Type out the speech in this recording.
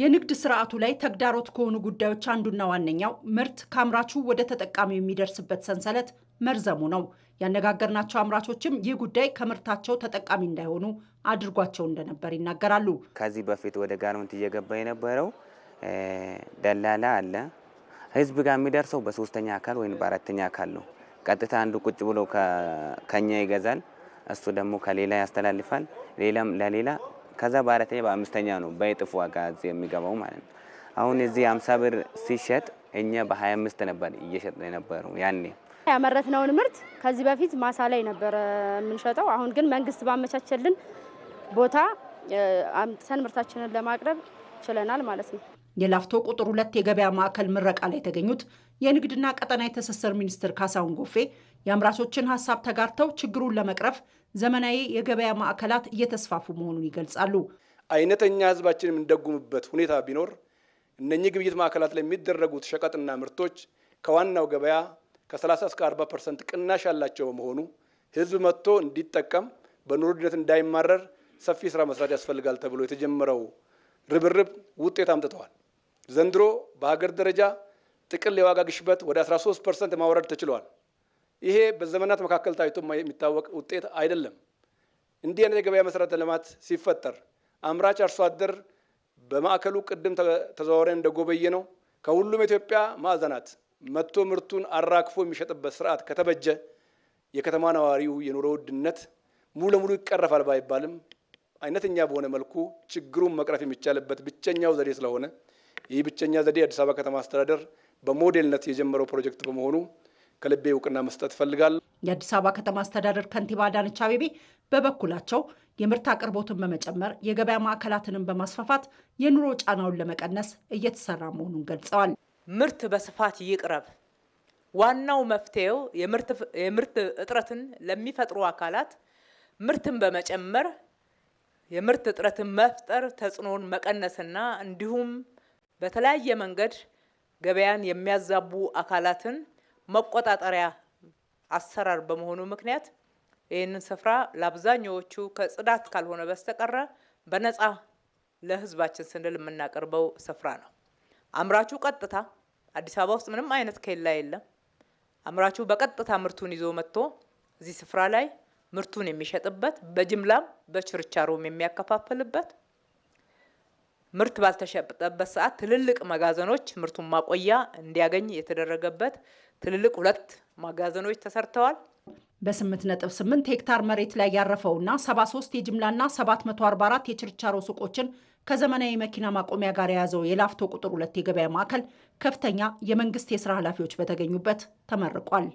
የንግድ ስርዓቱ ላይ ተግዳሮት ከሆኑ ጉዳዮች አንዱና ዋነኛው ምርት ከአምራቹ ወደ ተጠቃሚው የሚደርስበት ሰንሰለት መርዘሙ ነው። ያነጋገርናቸው አምራቾችም ይህ ጉዳይ ከምርታቸው ተጠቃሚ እንዳይሆኑ አድርጓቸው እንደነበር ይናገራሉ። ከዚህ በፊት ወደ ጋርመንት እየገባ የነበረው ደላላ አለ። ህዝብ ጋር የሚደርሰው በሶስተኛ አካል ወይም በአራተኛ አካል ነው። ቀጥታ አንዱ ቁጭ ብሎ ከኛ ይገዛል፣ እሱ ደግሞ ከሌላ ያስተላልፋል፣ ሌላም ለሌላ ከዛ በአራተኛ በአምስተኛ ነው በእጥፍ ዋጋ የሚገባው ማለት ነው። አሁን እዚህ አምሳ ብር ሲሸጥ እኛ በሀያ አምስት ነበር እየሸጥ የነበረው ያኔ ያመረትነውን ምርት ከዚህ በፊት ማሳ ላይ ነበረ የምንሸጠው። አሁን ግን መንግስት ባመቻቸልን ቦታ አምጥተን ምርታችንን ለማቅረብ ችለናል ማለት ነው። የላፍቶ ቁጥር ሁለት የገበያ ማዕከል ምረቃ ላይ የተገኙት የንግድና ቀጠና የትስስር ሚኒስትር ካሳሁን ጎፌ የአምራቾችን ሀሳብ ተጋርተው ችግሩን ለመቅረፍ ዘመናዊ የገበያ ማዕከላት እየተስፋፉ መሆኑን ይገልጻሉ። አይነተኛ ህዝባችን የምንደጉምበት ሁኔታ ቢኖር እነኚህ ግብይት ማዕከላት ላይ የሚደረጉት ሸቀጥና ምርቶች ከዋናው ገበያ ከ30 እስከ 40 ፐርሰንት ቅናሽ ያላቸው በመሆኑ ህዝብ መጥቶ እንዲጠቀም በኑሮ ውድነት እንዳይማረር ሰፊ ስራ መስራት ያስፈልጋል ተብሎ የተጀመረው ርብርብ ውጤት አምጥተዋል። ዘንድሮ በሀገር ደረጃ ጥቅል የዋጋ ግሽበት ወደ 13 ፐርሰንት ማውረድ ተችሏል። ይሄ በዘመናት መካከል ታይቶ የሚታወቅ ውጤት አይደለም። እንዲህ አይነት የገበያ መሰረተ ልማት ሲፈጠር አምራች አርሶ አደር በማዕከሉ ቅድም ተዘዋውረን እንደጎበየ ነው ከሁሉም የኢትዮጵያ ማዕዘናት መጥቶ ምርቱን አራክፎ የሚሸጥበት ስርዓት ከተበጀ የከተማ ነዋሪው የኑሮ ውድነት ሙሉ ለሙሉ ይቀረፋል ባይባልም አይነተኛ በሆነ መልኩ ችግሩን መቅረፍ የሚቻልበት ብቸኛው ዘዴ ስለሆነ ይህ ብቸኛ ዘዴ የአዲስ አበባ ከተማ አስተዳደር በሞዴልነት የጀመረው ፕሮጀክት በመሆኑ ከልቤ እውቅና መስጠት እፈልጋለሁ። የአዲስ አበባ ከተማ አስተዳደር ከንቲባ አዳነች አቤቤ በበኩላቸው የምርት አቅርቦትን በመጨመር የገበያ ማዕከላትንም በማስፋፋት የኑሮ ጫናውን ለመቀነስ እየተሰራ መሆኑን ገልጸዋል። ምርት በስፋት ይቅረብ፣ ዋናው መፍትሄው የምርት እጥረትን ለሚፈጥሩ አካላት ምርትን በመጨመር የምርት እጥረትን መፍጠር ተጽዕኖን መቀነስና እንዲሁም በተለያየ መንገድ ገበያን የሚያዛቡ አካላትን መቆጣጠሪያ አሰራር በመሆኑ ምክንያት ይህንን ስፍራ ለአብዛኛዎቹ ከጽዳት ካልሆነ በስተቀረ በነጻ ለህዝባችን ስንል የምናቀርበው ስፍራ ነው። አምራቹ ቀጥታ አዲስ አበባ ውስጥ ምንም አይነት ኬላ የለም። አምራቹ በቀጥታ ምርቱን ይዞ መጥቶ እዚህ ስፍራ ላይ ምርቱን የሚሸጥበት በጅምላም በችርቻሮም የሚያከፋፍልበት ምርት ባልተሸጠበት ሰዓት ትልልቅ መጋዘኖች ምርቱን ማቆያ እንዲያገኝ የተደረገበት ትልልቅ ሁለት መጋዘኖች ተሰርተዋል። በ8.8 ሄክታር መሬት ላይ ያረፈውና 73 የጅምላና 744 የችርቻሮ ሱቆችን ከዘመናዊ መኪና ማቆሚያ ጋር የያዘው የላፍቶ ቁጥር ሁለት የገበያ ማዕከል ከፍተኛ የመንግስት የስራ ኃላፊዎች በተገኙበት ተመርቋል።